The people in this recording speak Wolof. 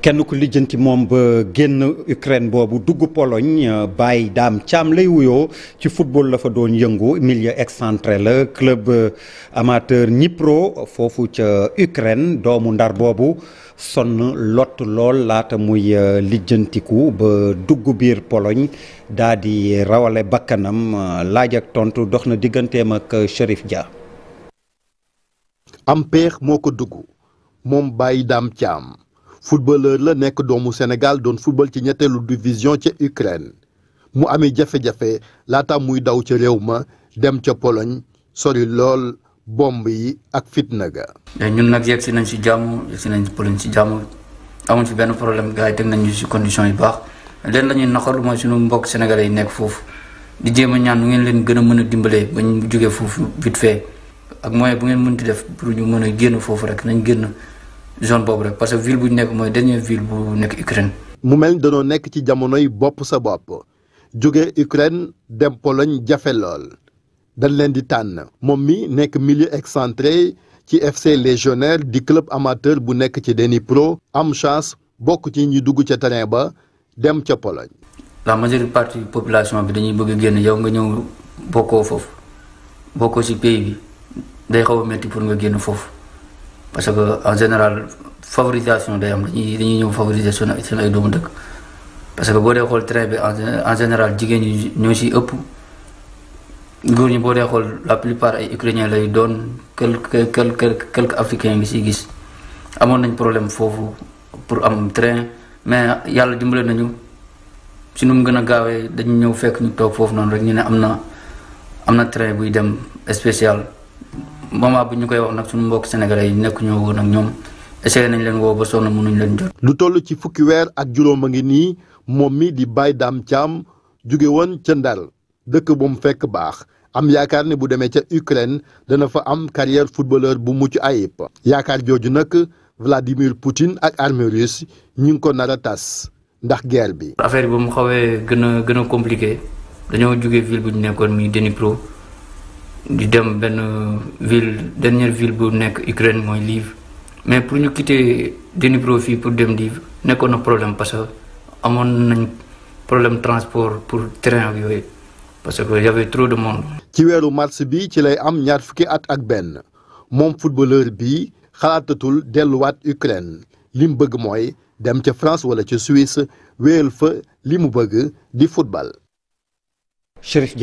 kenn ku lijjanti moom ba génn Ukraine boobu dugg Pologne bàyyi daam caam lay wuyoo ci football la fa doon yëngu milieu excentré la club euh, amateur Dnipro foofu ca Ukraine doomu ndar boobu sonn lot lool laata muy euh, lijjantiku ba dugg biir Pologne daa rawale bakkanam euh, laaj tontu dox na digganteem ak Chérif Dia. am peex moo ko dugg moom Baye Dame Thiam. footballeur la nekk doomu Sénégal doon football ci ñetteelu division ca Ukraine mu amee jafe-jafe laata muy daw ca réew ma dem ca poloñ sori lool bomb yi ak fitna ga. ñun nag yegg si nañ si jàmm yegg si nañ si Pologne si jàmm amuñ ci benn problème gars yi teg nañ ñu si condition yu baax leen la ñuy naqarlu mooy suñu mbokk sénégalais yi nekk foofu di jéem a ñaan nu ngeen leen gën a mën a dimbalee ba ñu jógee foofu vite fait ak moyen bu ngeen mën mënti def pour ñu mën a génn foofu rek nañ génn. zone boobu rek parce que ville bu nekk mooy dernière ville bu nekk Ukraine. mu mel ni danoo nekk ci jamonoy bopp sa bopp jóge Ukraine dem Pologne jafe lool dañ leen di tànn moom mi nekk milieu excentré ci FC Légionnaire di club amateur bu nekk ci pro am chance bokk ci ñi dugg ca terrain ba dem ca Pologne. la majeure partie population bi dañuy bëgg génn yow nga ñëw bokkoo foofu bokkoo ci pays bi day xaw a métti pour nga génn foofu. parce que en général favorisation de am dañuy ñëw favoriser seen seen ay doomu dëkk parce que boo dee xool train bi en général jigéen ñi ñoo ciy ëpp góor ñi boo dee xool la plupart ay ukrainiens lay doon quelque quelque quelque africains ngi ciy gis amoon nañ problème foofu pour am train mais yàlla dimbale nañu si nu mu gën a gaawee dañu ñëw fekk ñu toog foofu noonu rek ñu ne am na am na train buy dem spécial. moment bu ñu koy wax nag suñu mbokk sénégalais yi nekk ñoo woon ak ñoom essayé nañ leen woo ba sonn mënuñ leen jot. lu toll ci fukki weer ak juróom a ngi nii moom mi di Baye daam caam jóge woon ca Ndar dëkk bu mu fekk baax am yaakaar ne bu demee ca Ukraine dana fa am carrière footballeur bu mucc ayib. yaakaar jooju nag Vladimir Poutine ak armée russe ñu ngi ko nar a tas ndax guerre bi. affaire bi mu xawee gën a gën a compliqué dañoo jóge ville bu ñu nekkoon muy Dnipro di dem ville dernière ville bu nek Ukraine moy Lviv mais pour ñu quitter Dnipro profi pour dem Lviv nekkoon problème parce que amon nañ problème transport pour train ak yoy parce que j'avais trop de monde. ci weeru mars bi ci lay am ñaar fukki at ak ben mom footballeur bi xalaatatul delluwaat Ukraine li bëgg moy dem ci France wala ci Suisse wéyal fa limu bëgg di football. Chérif